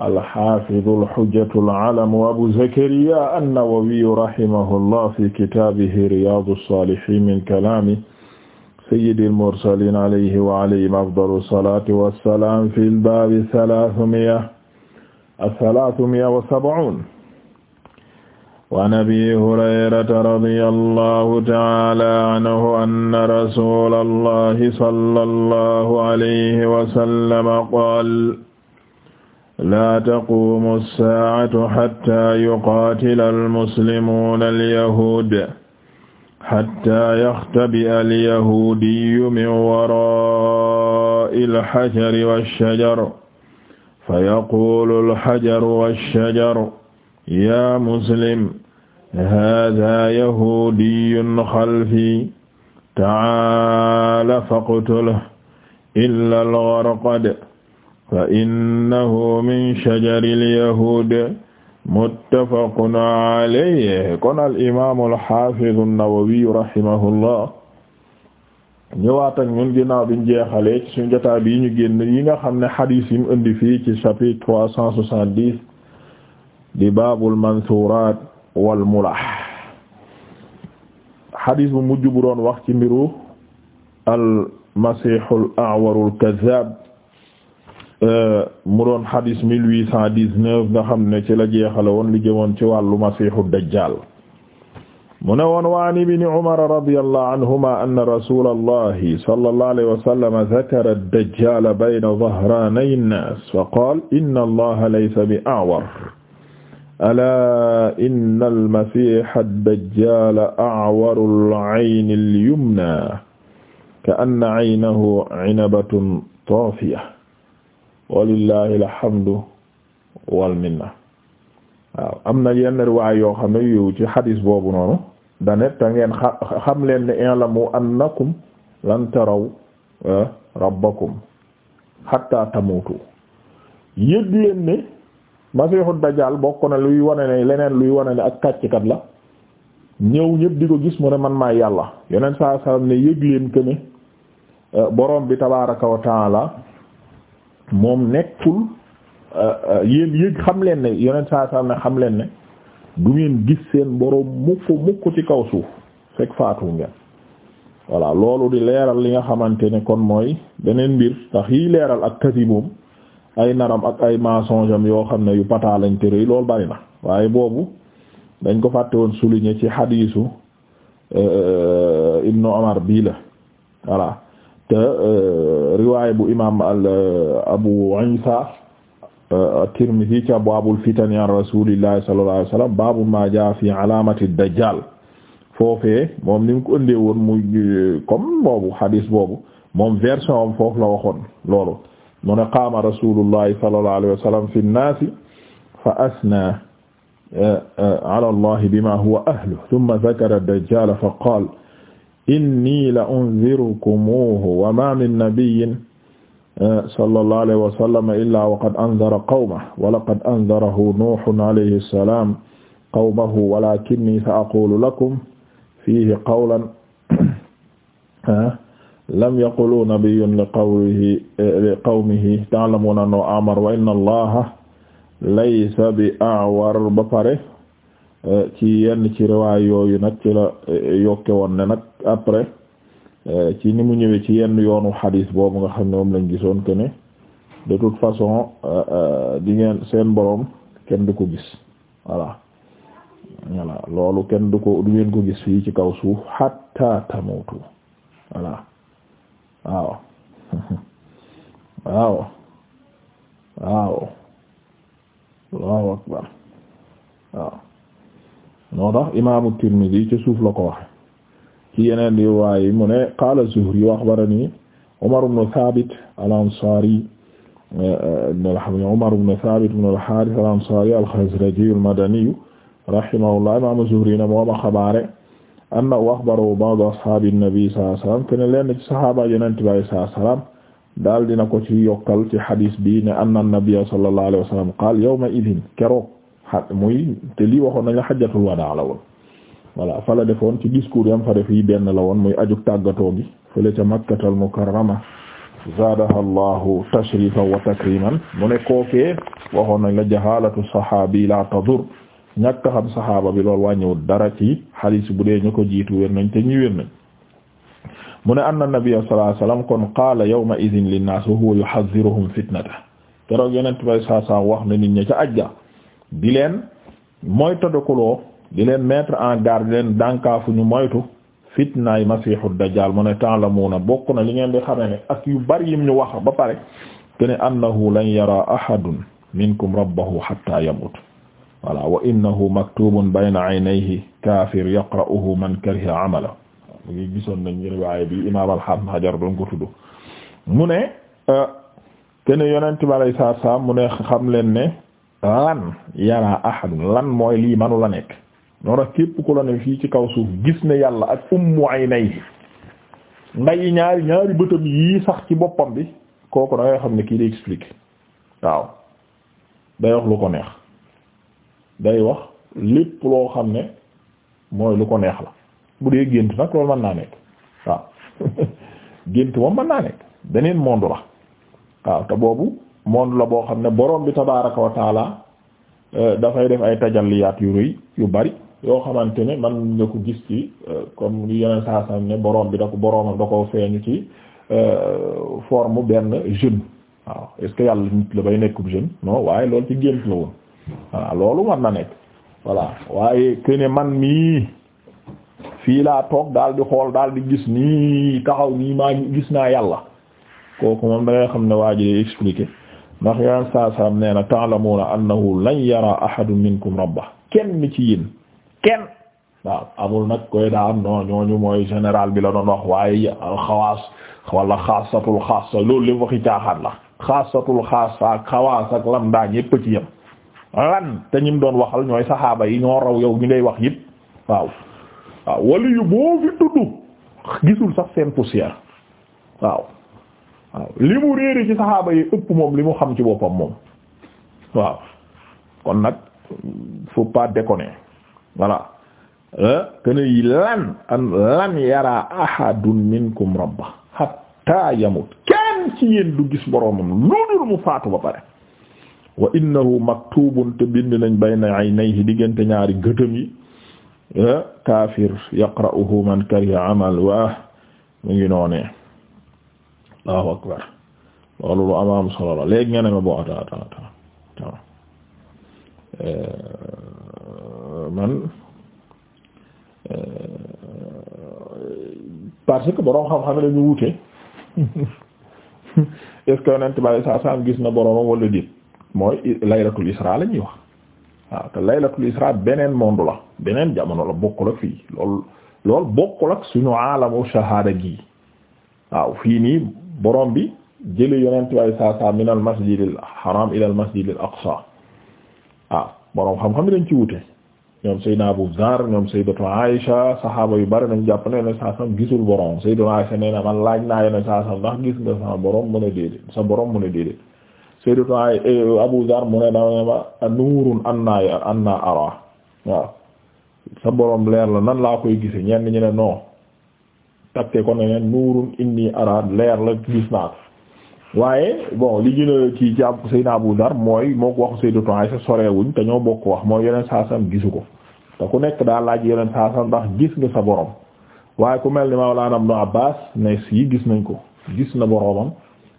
alxafidu alhujjatu alalamu abu zakariya annawawiyu rahimahullah fi kitaabihi riyaadu saalihiin min kalaami sayyidi almursaliin alayhi wa alayhim afdalu salaati wa salaam fil baabi salaasumiya asalaasumiya wa sab'uun wa an abii hurayrata radiyallahu ta'aalaa anhu anna rasuulallahi sallallahu alayhi wa sallam qaala laa taquumu as-saa'atu hattaa yuqaatila al-muslimuuna al-yahuud hattaa yaxtabi'a al-yahuudiyyu min waraa'i al-hajari wash-shajar fayaquulu al-hajaru wash-shajaru yaa muslim haazaa yahuudiyyun xalfii ta'aala faqtulhu illaa al-gharqad fa innahu min shajari al-yahuud muttafaqun alayhi kon al-imaam al-haafiz an-Nawawi rahimahullah ñëwaat ak ñun ginnaaw biñ jeexalee ci suñu jotaay bii ñu génn yi nga xam ne xadiis yi mu fii ci chapitre trois mansuuraat wal mulah xadiis bu mujj bu doon wax ci mbiru al-masiihul a'warul kazzaab Euh, mu doon xadis mille huit cent dix-neuf nga xam ne ci la jeexale woon li jëmoon ci wàllu masiixu dajjaal mu ne woon wa an ibni umar radiyallahu anhuma anna rasulallahi sallallahu alayhi wa sallam zakara ad-dajjaal bayna dhahraanay an-naas fa qaala inna allaha laysa bi a'war alaa inna al-masiixa ad-dajjaal a'waru al-'ayni al-yumnaa ka'anna 'aynahu 'inabatun taafiya walillahi alhamdu wal waaw am na yenn riwaay yoo xam ne yu ci xadis boobu noonu dane te ngeen xam leen ne i'lamu annakum lan taraw eh, rabbakum hatta tamutu yëg leen ne masiixu dajjal bokk na luy wane ne leneen luy wane ne ak kàcckat la ñëw ñëpp di ko gis mu ne man maay yàlla yeneen saa sallam ne yëg leen que ne eh, borom bi tabaaraka wa moom nekkul euh, euh, yéen yëg xam leen ne yeneen saa saa ne xam leen ne du ngeen gis seen boroom mukk mukk ci kaw suuf fekk faatu ngeen voilà loolu di leeral li nga xamante ne kon mooy beneen mbir tax yi leeral ak kasiboom ay naram ak ay mensonge am yoo xam ne yu pataa lañ tërëy lool bari na waaye boobu dañ ko fàtte woon souligner ci xadiisu euh, ibnu Umar bii la voilà te euh, riwaay bu imaam al euh, abu isa euh, at-Tirmidhi ca baabul fitani an rasuulillahi sallallahu alayhi wasallam baabu ma jaa fi alaamati dajjal foofee moom ni mu ko ëndee woon muy comme boobu hadis boobu moom version am foofu la waxoon loolu mu ne qaama rasuulullahi sallallahu alayhi wasallam fi nnaasi fa asna ala allahi bima huwa ahlu thumma dhakara ad-dajjal fa qaala inni la unzirukumuhu wa ma min nabiyyin eh, sallallahu alayhi wa sallam illa wa qad anzara qawmahu wa laqad anzarahu nuuhun alayhi salaam qawmahu walakinni sa aqulu lakum fiihi qawlan eh, lam yaqulu nabiyyun li qawlihi eh, li qawmihi ta'lamuna annahu a'mar wa inna allaha laysa bi a'war ba pare Eh, ci yenn ci riwaay yooyu nag ci la eh, yokke woon ne nag après eh, ci ni mu ñëwee ci yenn yoonu xadis boobu nga xam ne moom lañ gisoon que ne de toute façon di ngeen seen boroom kenn du ko gis voilà voilà loolu kenn du ko du ngeen ko gis fii ci kaw suuf hatta tamutu voilà waaw waaw tax imaamu Tirmidi ci suuf la ko waxe ci yeneen riwaaya yi mu ne qaala Zuhri wa axbaranii Umar ibn Thabit al-Ansaari Umar ibn Thabit ibn al-Haarith al-Ansaari al-Khazraji al-Madani rahimahullah imaamu Zuhri na mooma xabaare anna axbarahu ba'du ashaabi nabi sallallahu alayhi wa sallam ken leen ci sahaaba Yonent bi sallallahu alayhi wa sallam daal dina ko ci yokkal ci hadis bi ne anna nabiyya sallallahu alayhi wa sallam qaala yawma idin keroog muy te lii waxoon nañ la xajjatul wadaa woon voilà fa la defoon ci discours yam fa def yi la woon muy aju tàggatoo gi fële ca makkatal mukarrama zaadaha llahu tashrifan wa takriman mu ne kookee waxoon la jahalatu sahabi la tadur ñàkk xam sahaaba bi loolu wàññëwul dara ci xadiis bu dee ñu ko jiitu wér nañ te ñi wér nañ mu ne anna nabiyya sallallahu alayhi wasallam kon qaala yawma idhin linnaas wa huwa yuhadhiruhum fitnata keroog yonent bay saa saa wax na nit ñi ca ajja di leen moytandikuloo di leen mettre en garde di leen ñu moytu fitnaay masiixu dajjaal mu ne ta'lamuuna bokk na li ngeen di xame ne ak yu bari yim ñu wax ba pare te ne annahu lan yara ahadun minkum rabbahu hatta yamut wala wa innahu maktubun bayna aynayhi kaafir yaqra'uhu man kariha amala mu ngi gisoon nañ riwaaya mu ne euh, te ne yonent bi alayhi mu ne xam leen ne lan yara ahadun lan mooy lii manu la nekk ñoo tax képp ku la ne fii ci kaw suuf gis ne yàlla ak ummu aynayhi nday ñaari ñaari bëtam yii sax ci boppam bi kooku da xam ne kii de expliqué waaw day wax lu ko neex day wax lépp loo xam ne mooy lu ko neex la bu dee gént nag loolu mën naa nekk waaw gént moom mën naa nekk beneen monde la waaw te boobu monde la boo xam ne boroom bi tabaaraka wa taala euh, dafay def ay tajalliyaat yu rëy yu bari yoo xamante ne man nga ko gis ci euh, comme li yeneen saa saa ne borom bi da ko boromam da koo feeñu ci euh, forme benn jeune waaw est-ce que yàlla nit la bay nekkub jeune non waaye loolu ci gént la woon voilà loolu man na nekk voilà waaye que ne man mii fii laa toog daal di xool daal di gis nii taxaw nii maa gis naa yàlla kooku moom da xam ne waa ji expliquer ndax yaa saa saam nee na ta'lamuna annahu lan yara ahadun minkum rabba kenn ci yéen kenn waaw amul nag koy daa am non ñooñu mooy général bi la doon wax waaye alxawaas wala xaasatul xaasa loolu li waxi caaxaan la xaasatul xaasa ak xawaas ak lam daa ñépp ci yem lan te ñim doon waxal ñooy saxaaba yi ñoo raw yow ñi ngay wax yëpp waaw waaw waliyu boo fi tudd gisul sax seen poussière waaw waaw li mu réere ci saxaaba yi ëpp moom li mu xam ci boppam moom waaw kon nag faut pas déconner voilà kene yi lan lan yara ahadun minkum rabba hatta yamut kenn ci yéen du gis boroomam loolu mu faatu ba pare wa innahu maktubun te bind nañ bayna aynayhi diggante ñaari gëtëm yi kaafir yaqra'uhu man kariha amal wa mu ngi noonee Allahu akbar loolu lu ama solo la léegi nga ne ma bon attends attends attends euh, man euh, parce que boroom xam-xam la wute est que yonent bi saa saa gis na boroomam wala déet mooy laylatul isra la ñuy wax laylatul isra beneen monde beneen jamono la bokkul ak fii loolu loolu bokkul ak alamu shahada gi waaw fii nii. boroom bi jële yonent way saa saa min al masjidil haram ila al ah, borom xam-xam yi dañ ci wute ñoom Seydina Abu Zar ñoom Sayyidatu Aïsha saxaaba yu bari nañ jàpp ne yonent saa sam na man laaj naa yonent saa sam ndax gis nga sa borom mu ne déedéet sa borom mu ne déedéet Sayyidatu eh, Abu Zar mu ne dama ne ma nuurun anna anna ara waaw sa borom leer la nan laa koy gise ñenn ñu ne tappe ko ne nuurun inni araad leer la gis naa ko waaye bon li gën a kii ci ab Seydina Abu Dar mooy moo ko wax Sayyidatu Aysa sorewuñ te ñoo bokk wax mooy yeneen saasam gisu ko te ku nekk daa laaj yeneen saasam ndax gis nga sa borom waaye ku mel ni Mawlaana Ibnu Abbaas ne yi gis nañ ko gis na boromam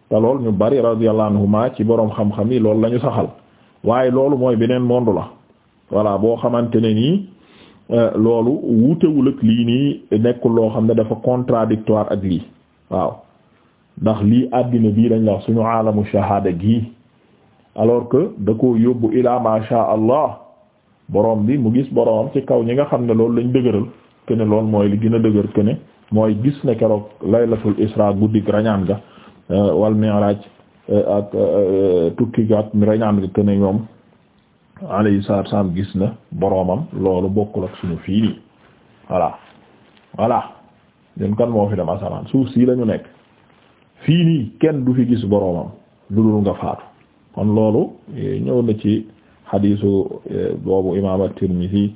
te lool ñu bari radiyallahu anhuma ci borom xam-xam yi loolu la ñu saxal waaye loolu mooy beneen monde la voilà boo xamante ne nii Euh, loolu wuutewul ak lii nii nekkul loo xam ne dafa contradictoire ak lii waaw ndax lii àddina bii dañ la suñu aalamu shahaada gii alors que da ko yóbbu ilaa ma sha allah borom bi mu gis boromam ci kaw ñi nga xam ne loolu lañ dëgëral que ne mooy li gën a dëgër que mooy gis ne keroog laylatul isra guddik rañaan ga euh, wal mi'raj euh, ak tukki ga ak rañaan ga que ñoom alayhi salaatu wa salaam gis na boroomam loolu bokkul ak suñu fii nii voilà voilà ñun kan moo fi dem asamaan suuf sii lañu nekk fii kenn du fi gis boroomam lu dul nga faatu kon loolu eh, ñëw na ci xadiisu eh, boobu imaam at-Tirmidhi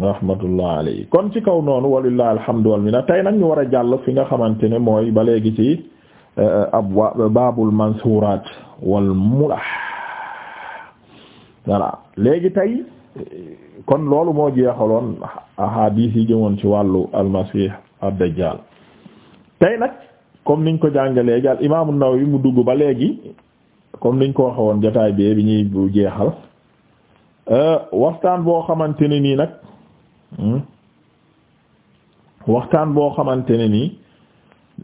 rahmatullah alayhi kon ci kaw noonu walillahi alhamdu wal minna tey nag ñu war a jàll fi nga xamante ne mooy ba léegi ci eh, ab baabul mansuuraat wal mulah voilà léegi tey kon loolu moo jeexaloon ahadis yi jëmoon ci wàllu almasih ad-dajjal tey nag comme niñ ko jànge léegi al imaamu Nawawi mu dugg ba léegi comme niñ ko waxe woon jotaay bee bi ñuy bu jeexal euh, waxtaan boo xamante ne nii nag hmm, waxtaan boo xamante ne nii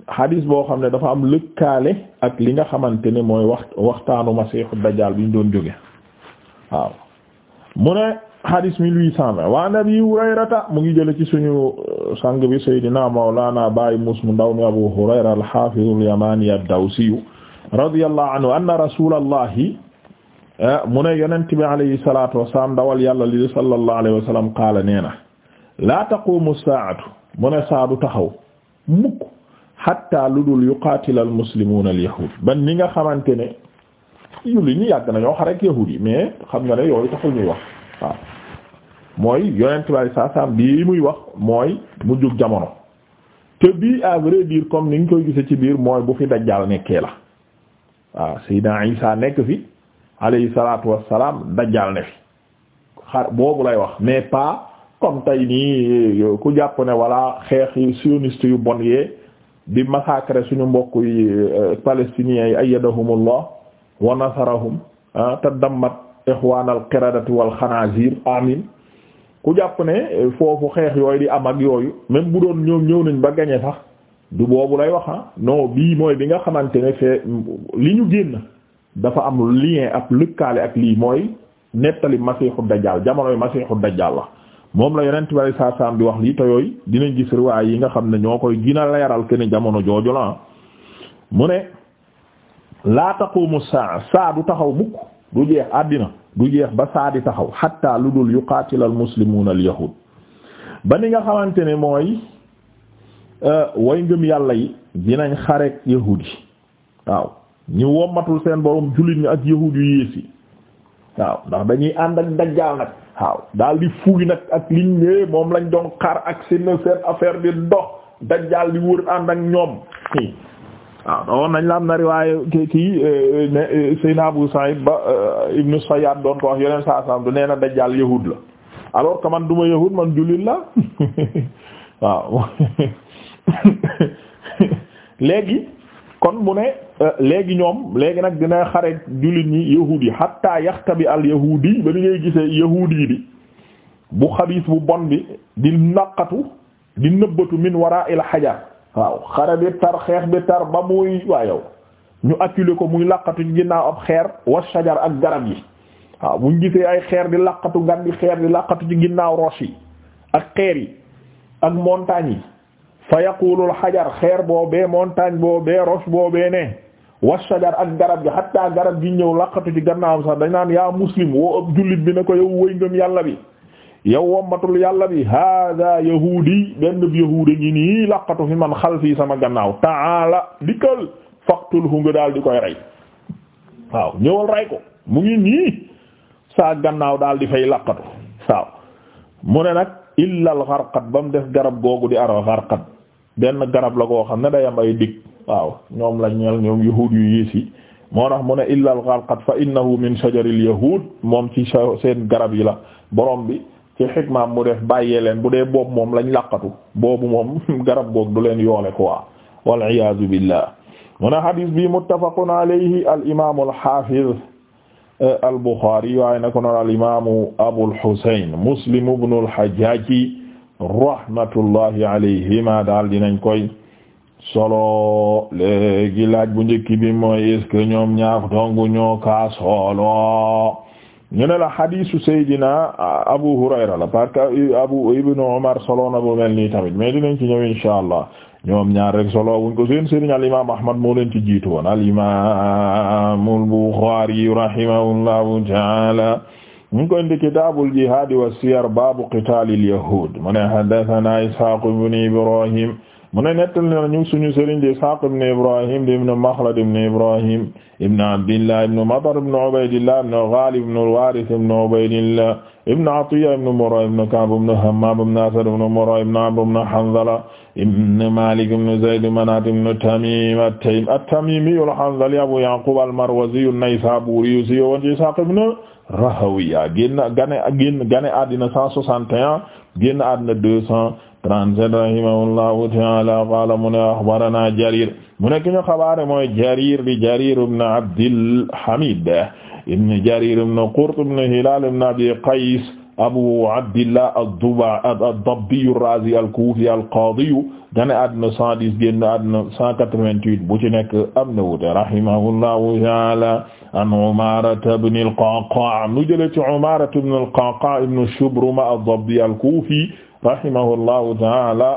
hadis boo xam ne dafa am lëkkaale ak li nga xamante ne mooy wax waxtaanu masiixu dajjaal bi ñu doon jóge waaw mu ne hadis 1820 wa Abi Hurayrata mu ngi jële ci suñu euh, sang bi Seydina Mawlana Baye Mus mu ndaw mi Abu Hurayra al-Hafiz al-Yamani ad-Dawsi radiyallahu anhu anna rasulallahi eh, mu ne yonent bi alayhi salatu wassalam dawal yàlla li sallallahu alayhi wa sallam qaala nee na la taqumu saatu mu ne saadu taxaw mukk hatta ludul yuqaatila al-muslimuna al-yahud ban ni nga xamante ne julli ñi yàgg nañoo xare ak yi mais xam nga ne yooyu taxul ñuy wax waaw mooy yonent bi saa bii muy wax mooy mu jug jamono te bii à vrai comme ni nga koy gisee ci biir mooy bu fi dajjaal nekkee la waaw Seydina Isa nekk fi alayhi salaatu wassalaam dajjaal ne fi xar boobu lay wax mais pas comme tay nii ku jàpp ne voilà xeex yu sioniste yu bon yee di massacrer suñu mbokk yi euh, palestiniens yi ayyadahumullah wa nasarahum te dammat ixwaanal qiradati wal xanaazir amin ku jàpp ne foofu xeex yooyu di am ak yooyu même bu doon ñoom ñëw nañ ba gañe sax du boobu lay wax no bii mooy bi nga xamante ne fee li ñu génn dafa am lien ab lëkkaale ak lii mooy nettali masiixu dajjaal jamonoy masiixu dajjaal la moom la yonent bari saa saam wax lii te yooyu dinañ gis riwaay yi nga xam ne ñoo koy gina la yaral ne jamono jooju la mu ne laa taqumu saa saa du taxaw mukk du jeex àddina du jeex ba saa di taxaw hatta lu dul yuqaatil al muslimuuna al yahuud ba ni nga xamante ne mooy euh, way ngëm yàlla yi dinañ xareek yahuud yi waaw ñu wommatul seen borom jullit ñi ak yahuud yu yées yi waaw ndax dañuy ànd ak dajjaal nag waaw daal di fuuy nag ak liñ ñëwee moom lañ doon xar ak seen seen affaire bi dox dajjaal di wër ànd ak ñoom waaw doon nañ la am na riwaaye kii euh, ne euh, Seydina Abu Sa'id ba euh, Ibnu Sayyad doon ko wax yeneen saa saam du nee na dajjaal yahud la alors que man duma yahud man jullit la waaw léegi kon mu ne léegi ñoom léegi nag dina xare jullit ñi yahud yi hatta yaxtabi al yahudi ba ni ngay gisee yahudi bi bu xabiis bu bon bi di naqatu di nëbbatu min wara'il hajar waaw xare bi tar xeex bi tar ba muy waa yow ñu acculé ko muy laqatu ginnaaw ab xeer was shajar ak garab yi waaw buñ gisee ay xeer di laqatu ngan di xeer di laqatu ci ginnaaw roche yi ak xeer yi ak montagne yi fa yaqulul xajar xeer boobee montagne boobee roche boobee ne wa shajar ak garab gi xatta garab gi ñëw laqatu ci gannaawam sax dañ naan yaa muslim woo ab jullit bi ne ko yow wëy yàlla bi yow wommatul yàlla bi hada yahudi benn yahuda ngi nii laqatu fi man xalfi sama gannaaw taala dikkal faqtulhu nga daal di koy rey waaw ñëwal rey ko mu ngi nii saa gannaaw daal di fay laqatu waaw mu ne nag illa al ba mu def garab googu di ara xarqat benn garab la goo xam ne day am ay dig waaw ñoom la ñeel ñoom yahud yu yiis yi moo tax mu ne illa al xarqat fa innahu min shajaril yahud moom ci seen garab yi la borom bi ci xikmaam mu bàyyee leen bu dee boobu moom lañ laqatu boobu moom garab goog du leen yoole quoi wal iyaazu billah mu ne bi muttafaqun alayhi al imaamu al haafiz eh, al buxaari waaye na ko noon al imaamu abul husayn muslim ibnu al hajjaaji rahmatullahi alayhima daal dinañ koy solo léegi laaj bu njëkk bi mooy est ñoom ñaar dong ñoo ka solo ñu ne la xadiisu Seydina Abu Hurayra la parce que Abu Ibnu Umar solo na bu mel nii tamit mais dinañ ci ñëw insha allah ñoom ñaar rek solo o ko seen sëriñ al imaam Ahmad moo leen ci jiitu woon al imaamul Buxaari rahimahullahu taala ñu ko indi kitaabul jihaad wa siyar baabu qitaalil yahuud mu ne haddasanaa Ishaaq ibnu Ibraahiim mu ne nettal na ñu suñu sëriñ di Ishaaq ibn Ibrahim di ibn Makhlad ibn Ibrahim ibn Abdillah ibn Matar ibn Ubaydillah ibn Ghalib ibn al-Warith ibn Ubaydillah ibn Atiyya ibn Murra ibn Ka'b ibn Hammam ibn Asad ibn Murra ibn Amr ibn Hanzala ibn Malik ibn Zayd Manat ibn Tamim at-Tamimi al-Hanzali Abu Ya'qub al-Marwazi an-Naysaburi Rahawiya génn gane génn gane àddina 161 génn àddina 237 rahimahullahu ta'ala qala mu ne akhbarana Jarir mu ne ki ñu xabaare mooy Jarir di Jarir ibn Abdil Hamid ibn Jarir ibn Qurt ibn Hilal ibn Abi Qays abu abdillah ad-duba ad-dabbi ar-razi al-kufi al-qadi gane àdduna cent dix génn àdduna cent quatre-vingt-huit bu ci nekk am na wute rahimahullahu ta'ala an umarata ibn al-qaqaa nu jële ci umarata ibn al-qaqaa ibn shubruma ad-dabbi al-kufi rahimahullahu ta'ala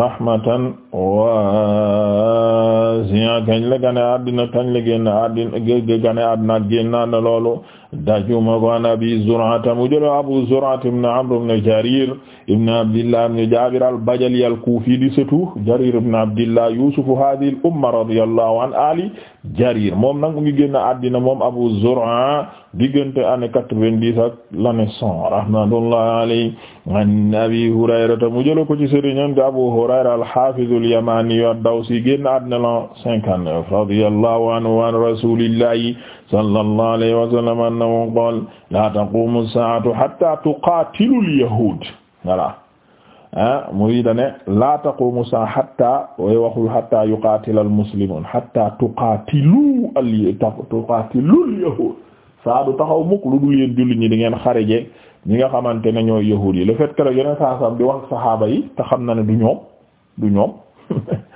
rahmatan wasi'a kañ la gane àdduna kañ la génn àdduna génn na loolu dajuma ko an abi zur'ata mu jëlo abu zur'ata ibn amr ibn jarir ibn abdillah ibn jabir al-bajali al-kufi di sëtu jarir ibn abdillah yusuf hadhihi al-umma radiyallahu an ali jarir moom nag mu ngi génn àddina moom abu zur'a diggante année quatre-vingt-dix ak l'année cent rahmatullahi alayhi an abi hurayrata mu jëlo ko ci sëriñam di abu hurayra al-hafiz al-yamani ad-dawsi génn àddina la cinquante-neuf radiyallahu anhu an rasulillahi sallallahu alayhi wa sallam annahu qaala laa taqumu saa'atu hattaa tuqaatilu al-yahuud voilà ah muy dane laa taqumu saa hatta way waxul hatta yuqaatila al-muslimuun hatta al tuqaatilu al taxaw mukk lu dul yéen jullit ñi di ngeen xarejeeg ñi nga xaman ne ñooy yahuud yi le fait que yeneen saa sam di wax saxaaba yi te xam na ne du ñoom du ñoom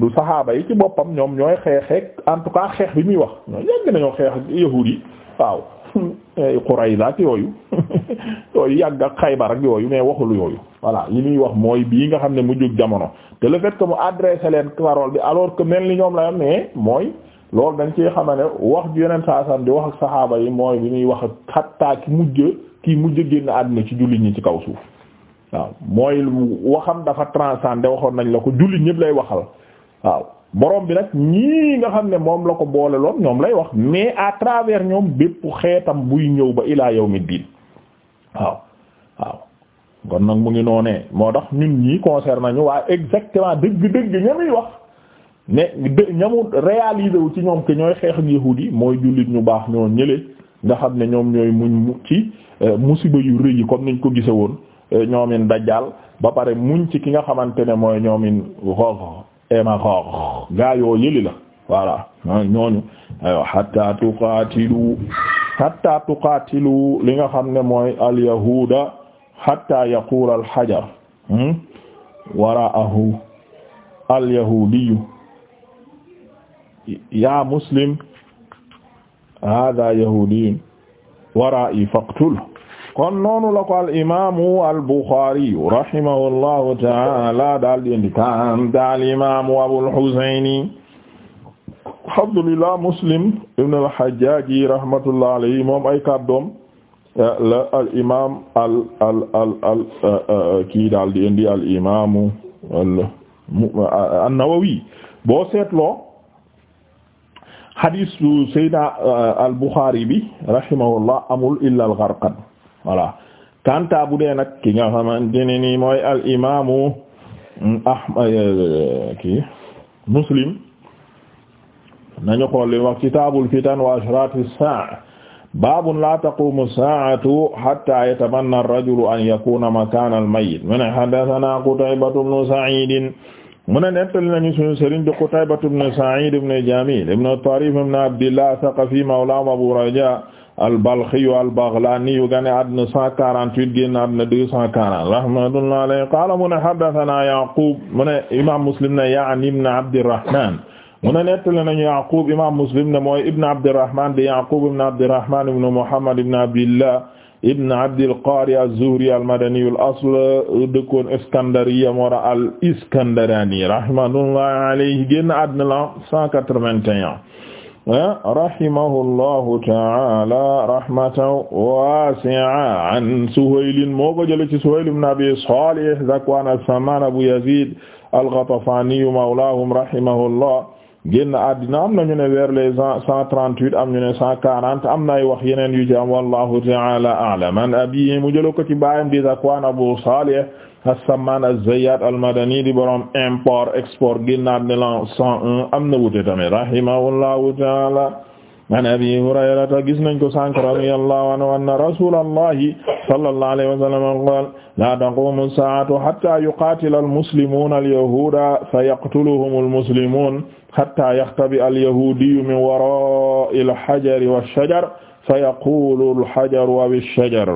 lu saxaaba yi ci boppam ñoom ñooy xeexeek en tout xeex bi muy wax ñoo yàgg nañoo xeex ak yahuud yi waaw Qurayza ak yooyu yooyu yàgg ak Xaybar ak yooyu mais waxul yooyu voilà li muy wax mooy bii nga xam ne mu jóg jamono te le fait que mu adressé leen parole bi alors que mel ni ñoom la mais mooy loolu dañ ci xama ne wax ju yeneen saasam di wax ak saxaaba yi mooy bi muy wax ak xattaa ki mujj kii mujj génn àdduna ci jullit ñi ci kaw suuf waaw mooy waxam dafa transcender waxoon nañ la ko jullit ñëpp lay waxal waaw borom bi nag ñii nga xam ne moom la ko boole loon ñoom lay wax mais à travers ñoom bépp xeetam buy ñëw ba ilaa yawmi diin waaw waaw kon nag mu ngi noonee moo tax ñun ñii concerne ñu waaye exactement dëgg-dëgg ñamuy wax ne ñamu réaliser wu ci ñoom ke ñooy xeex ak yahuud yi mooy jullit ñu baax ñoo ñële nga xam ne ñoom ñooy muñ ci euh, musiba yu rëy yi comme niñ ko gise woon ñoomin dajjal ba pare muñ ci ki nga xamante ne mooy ñoomin xoox ema xoox gaa yoo yëli voilà ñooñu aywa hatta tuqatilu hatta li nga xam ne mooy alyahuda hatta yaqula alhajar hmm? waraahu alyahudiyu ya muslim hada yahudiyun warai faqtul kon noonu la ko al imaamu al Buxaari rahimahullahu ta'ala daal di indi kan daal imaamu Abul Husayni Abdullah Muslim ibn al Hajjaj rahmatullahi alayhi moom ay kàddoom eh, la al imaam al al al al eh, kii daal di indi al imaamu eh, an-Nawawi boo seetloo hadiis Sayyidina al Buxaari bi rahimahullah amul illa al Gharqad voilà kanta bu dee nag ki nga xamante ne nii mooy al imaamu ahmad euh, ki muslim nañu xool li wax kitaabul fitan wa ashrati saa baabun la taqumu saatu hatta yatamanna ar-rajulu an yakuna makana al-mayyit mu ne haddathana Qutaybatu bnu Sa'id mu ne nettali nañu sunu sëriñ di Qutaybatu bnu Sa'id ibn Jamil ibn Tarif ibn Abdillah Thaqafi mawla Abu Raja albalxiyu albaghlaniyyu gane àddina 148 génn àddina 240 rahmatullahi alayhi qaala mu ne haddathanaa Yaaqub mu ne imaam Muslim ne ya'ni ibn Abdirrahmaan mu ne nettali nañu Yaaqub imaam Muslim ne mooy ibn Abdirrahmaan di Yaaqub ibn Abdirrahmaan ibn Muhammad ibn Abdillah ibn Abdil Qaari az-Zuhri al-Madani al-asl dëkkoon Iskandariya moo al-Iskandaraani rahmatullahi alayhi génn àddina 181 rahimahullahu ta'ala rahmatan wasi'a an Suhayl moo ko jëlee ci Suhayl ibn Abi Salih Zakwan as-Samman Abu Yazid al-Ghatafani mawlahum rahimahullah génn àddina am nañu ne vers les cent trente-huit am ñu ne cent quarante am nay wax yeneen yu ci am wallahu ta'ala a'lam an abihi mu jëla ko di Zakwan Abu Salih as-Samman az-Zayyat al-Madani di borom export génn àddina la cent un am na wute tamit ta'ala an abi hurayrata gis nañ ko sànk radiyallahu anhu anna rasulallahi sallallahu alayhi wa sallam qaal la taqumu as-saa'atu hatta yuqatila al-muslimuuna al-yahuuda fayaqtuluhum al-muslimuun hatta yaxtabi'a al-yahuudiyyu min waraa'i al-hajari wash-shajar fayaquulu al-hajaru aw ash-shajar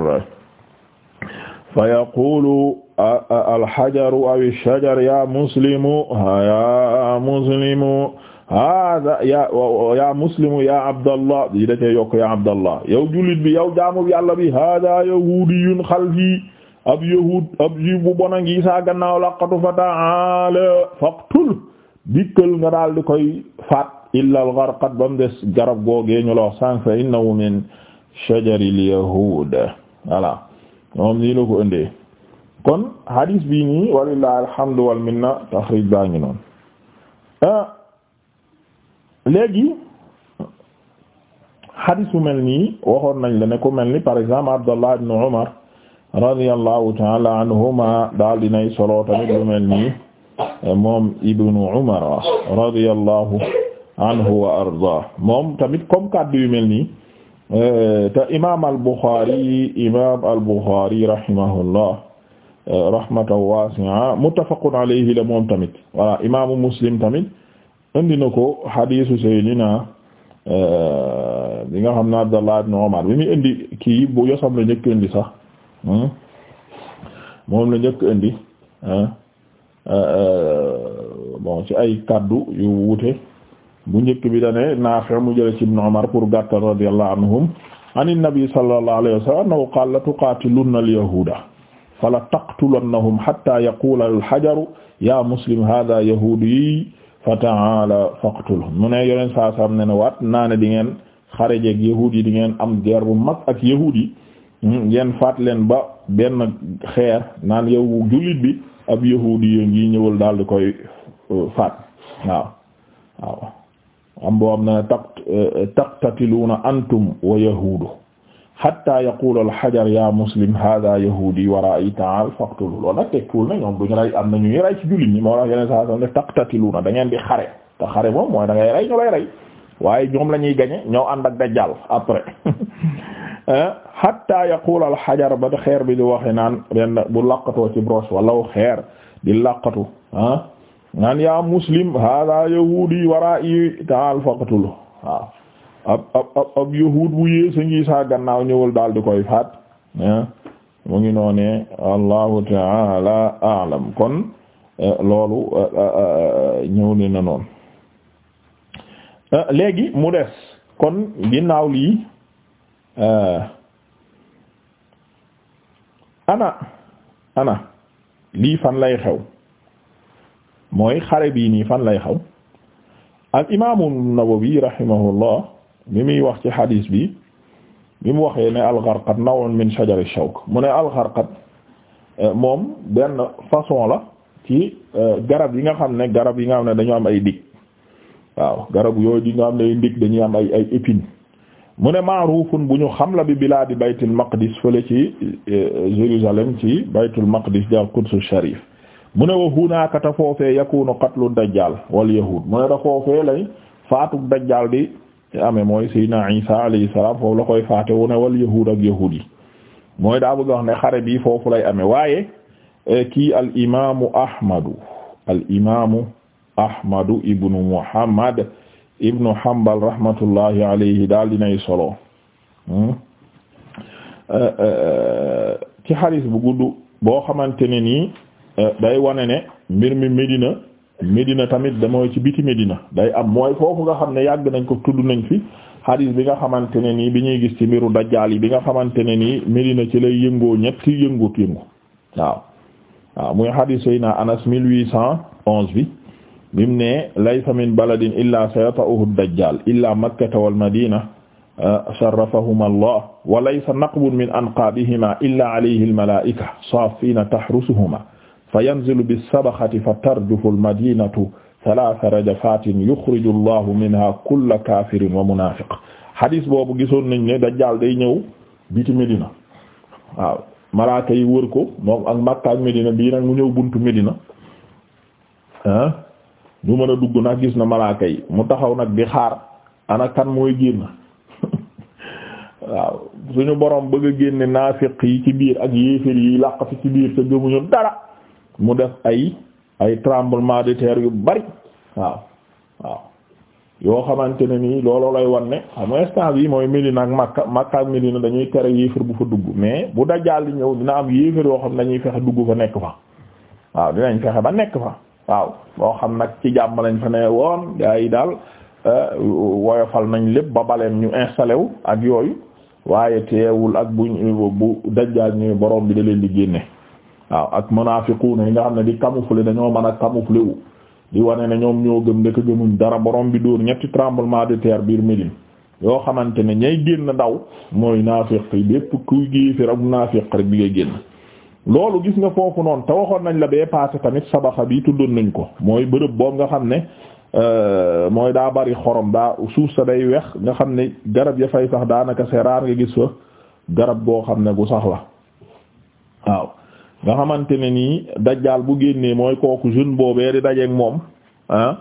fayaquulu al-hajaru aw ash-shajar ya muslimu ya muslimu hada ya ya ya abdallah yow jullit bi yow jaamu yàlla bi hada yahudiyun xalfi ab yahud ab jiw bu bon a ngi saa gannaaw laqatu fa ta'ala faqtul dikkal nga daal di koy faat illa al-gharqad ba garab googee ñu la fa innahu min shajaril yahud voilà moom nii la kon hadis bii nii walillahi alhamdu wal minna taxrij baa ngi noonu ah, léegi xadis mel ni waxoon nañ la ne ku mel ni par exemple Abdallah ibn Umar radiyallahu taala anhuma daal dinay solo tamit lu mel nii moom ibn Umar radiyallahu anhu wa arda moom tamit comme kaddu yu mel ni euh, te imaam al Bukhari imaam al Bukhari rahimahullah rahmatan wasi'a muttafaqun alayhi la moom tamit voilà Muslim tamit. indi na ko hadiisu Seydina bi nga xam ne Abdallah ibn Umar bi mu indi kii bu yosam la njëkk indi sax hmm? moom la njëkk indi euh, bon ci ay kaddu yu wuute bu njëkk bi dane Naafi' mu jële ci ibn Umar pour gàttal radiyallahu anhum an nabi sallallahu alayhi wa sallam annahu qaala la tuqaatilunna al-yahuuda fala taqtulannahum hatta yaqula al-hajaru ya muslim hadha yahudi fa ta'ala faqtulhum mu ne yoneen saa sam ne ne waat naa ne di ngeen xarejeeg yahuud am guerre bu mag ak yahuud hmm, ngeen faat leen ba benn xeer naan yow jullit bi ab yahuud yi ñëwul ñëwal daal di koy uh, faat waaw waaw am boo am na taq uh, taqtatiluna antum wa yahudu hatta yaqulu alxajar ya muslim hada yahudi wa ra'ayta al faqtulu loolu nag tegtuwul na ñoom duñu rey am na ñu rey ci jullit ñi moo tax yeneen saa soxna taqtatiluna da ngeen di xare te xare moom mooy da ngay rey ñu lay waaye ñoom la ñuy gañe ñoo ànd ak dajjal après eh, hatta yaqulu alxajar xeer bi di waxe naan benn bu laqatoo ci broche walaw xeer di laqatu ah naan ya muslim hada yahudi wa ra'ayta al faqtulu ab ab ab ab bu yéesa ngi saa gannaaw ñëwal daal di koy faat ah, mu ngi noone allahu taala alam kon eh, loolu eh, eh, ñëw ni na noonu léegi mu des kon ginnaaw lii ana ana lii fan lay xew mooy xare bii nii fan lay xew al imaamu Nawawi rahimahullah mi muy wax ci hadis bi bi mu waxee ne alxarqat nawun min shajari shawk mu ne alxarqat euh, moom benn façon la ci euh, garab yi nga xam ne garab yi nga xam ne dañu am ay dig waaw garab yooyu di nga am ne ay dig dañuy am ay ay épines mu ne ma'rufun bu ñu xam la bi bilaadi baytul maqdis fële ci euh, Jérusalem ci baytul maqdis ja qudsu sharif mu ne wa hunaaka ta foofee yakunu qatlu dajjal wal yahud mu ne da foofee lay faatu dajjal di amee mooy Seydina Isa alayhi salaam foofu la koy faate wu wal yahuud ak mooy daa bëgg ne xare bi foofu lay amee waaye eh, kii al imaamu Ahmadu al imaamu Ahmadu ibnu Muhammad ibnu Hanbal rahmatullahi alayhi daal dinay solo hmm? eh, eh, ci xadis bu gudd boo xamante ne nii day wane ne mbir mi Medina. Médina tamit da mooy ci biti Médina day am mooy foofu nga xam ne yàgg nañ ko tudd nañ fi hadis bi nga xamante ne nii bi ñuy gis ci mbiru dajjaal yi bi nga xamante ne nii Médina ci lay yëngoo ñetti yëngut yëngu waaw waaw muy hadis Seydina Anas mille onze bi bimu ne laysa min baladin illa sayata'uhu dajjaal illa makkata wal madina sharrafahuma allah wa laysa naqbun min anqabihima illa alayhi al malaa'ika saafina tahrusuhuma fa yanzilu bis-sabakhati fa tarjufu al-madinatu thalatha rajafatin yukhriju Allahu minha kulla kafirin wa munafiq hadis boobu gisoon nañ ne dajjal day ñëw biti Medina waaw malaaka yi wër ko moom ak Makka ak Medina bii nag mu ñëw bunt Medina ah du mën a dugg nag gis na malaaka yi mu taxaw nag di xaar ana kan mooy génn waaw suñu borom bëgg a génne naafiq yi ci biir ak yéeféer yi làqati ci biir te gëmuñu dara mu def ay ay tremblement de terre yu bari waaw waaw yoo xamante ne nii looloo lay wan xam nga instant yi mooy Médina ak Makka Makka ak Médina dañuy tere yéefar bu fa dugg mais bu dajjaal ñëw dina am yéefar yoo xam dañuy fexe dugg fa nekk fa waaw dinañ fexe ba nekk fa waaw moo xam nag ci jàmm lañ fa ne woon gaa daal eh, woyofal nañ lépp ba baleen ñu installé wu ak yooyu waaye teewul ak bu bu dajjaal ñu borom bi da leen di génne. waaw ak munafiquna yi nga xam ne di camoufler dañoo mën a camoufler wu di wane na ñoom ñoo gëm ndëkk gëmuñ dara borom bi dóor ñetti tremblement de terre biir Médine yoo xamante ne ñay génn ndaw mooy naafiq yi bépp kuy géefir ak naafiq rek bi nga génn loolu gis nga foofu noonu te waxoon nañ la bee passé tamit sabaxa bi tuddoon nañ ko mooy bërëb boobu nga xam ne euh, mooy daa bari xorom daa suuf sa day weex nga xam ne garab ya fay sax daanaka c'est rare nga gis garab boo xam ne gu sax la waaw nga xamante ne nii dajjaal bu génnee mooy kooku jeune boobee di dajeeg moom ah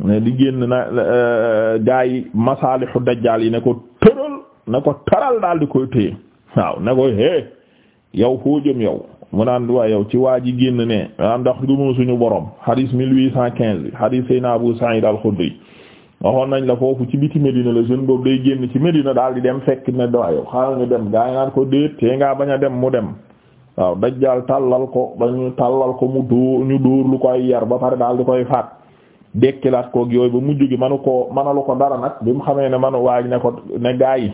di génn na eh, gaa yi masalixu dajjaal yi ne ko tëral ne ko taral daal di koy téye waaw ne ko hé yow foo jëm yow mu naan waa yow ci waa ji génn ne maanaam ah, ndax gëmoo suñu borom hadis mille huit cent quinze bi hadis sayna Abu Sa'id al-Khudri waxoon nañ la foofu ci biti Medina la jeune boobu day génn ci Medina daal di dem fekk ne do yow xaaral dem gaa yi ko déet tee ngaa bañ a dem mu dem waaw dajjaal tàllal ko ba ñu tàllal ko mu dóor ñu dóor lu koy yar ba pare daal di koy faat dekkilaat koog yooyu ba mujj gi manu koo manalu ko dara nag bi mu xamee ne manu waaj ne ko ne gaa yi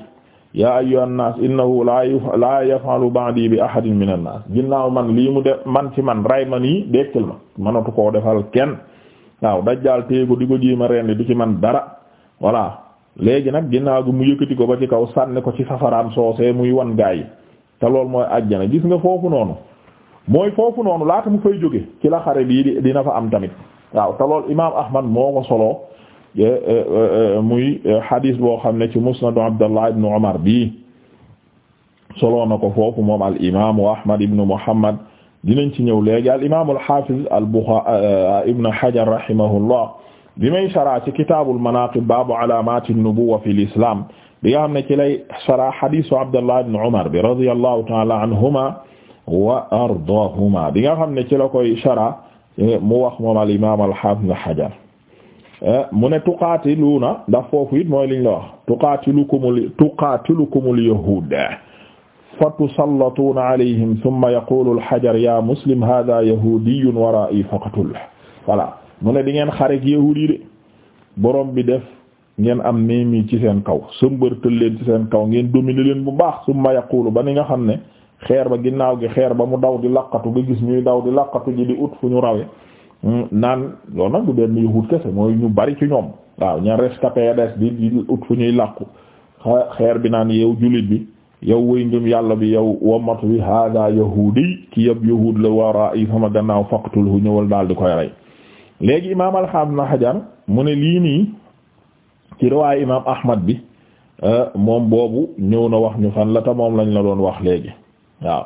yaa ayyuhan naas innahu laa laa yaf'alu ba'di bi ahadin minan naas ginnaaw man lii mu de man ci man ray ma nii dekkil ma manatu koo defal kenn waaw dajjaal téegu di ko jéema rendi du ci man dara voilà léegi nag ginnaaw gi mu yëkkati ko ba ci kaw sànni ko ci safaraam soosee muy wan gaa yi te loolu mooy àjjana gis nga foofu noonu mooy foofu noonu laata mu fay jóge ci la xare bii dina fa am tamit waaw te loolu Ahmad moo ko solo eh, eh, eh, muy hadis boo xam ne ci musnadu Abdallah ibn bii solo na ko foofu moom al imaamu Ahmad ibn Muhammad dinañ ci ñëw léegi al imaamu al haafiz al Buxaari ibn Hajar rahimahullah bi may sharh ci kitaabul manaaqib baabu alaamaati nubuwwa fil islaam bi nga xam ne ci lay sara hadisu Abdullah ibn Umar bi radiyallahu ta'ala anhuma wa ardaahuma bi nga xam ne ci la koy sara mu wax moom al imam al hafiz Hajar mu ne tuqaatiluuna ndax foofu it mooy liñ la wax tuqaatilukumul tuqaatilukumul yahuud fa tusallatuuna alayhim thumma yaqulu al Hajar ya muslim hadha yahudiyyun waraa'i faqtulhu voilà mu ne di ngeen xare ak yahuud yi de borom bi def ngeen am néemi ci seen kaw sëmbërtël leen ci seen kaw ngeen dominer leen bu baax summa yaqulu ba ni nga xam ne xeer ba ginnaaw gi xeer ba mu daw di laqatu nga gis ñuy daw di laqatu ji di ut fu ñu rawe hmm, naan loolu nag du benn yahut kese mooy ñu bari ci ñoom waaw ña rescapé ya ut fu ñuy làqu xeer bi naan yow jullit bi yow wëy ngëm yàlla bi yow womatu bi hada yahudi ki yab yahud la wara yi sama gannaaw faqtulhu ñëwal daal di koy rey léegi imaam alxaam na xajar mu ne lii nii ci riwaay imam ahmad bi eh, moom boobu ñëw na wax ñu fan la moom lañ la doon wax léegi waaw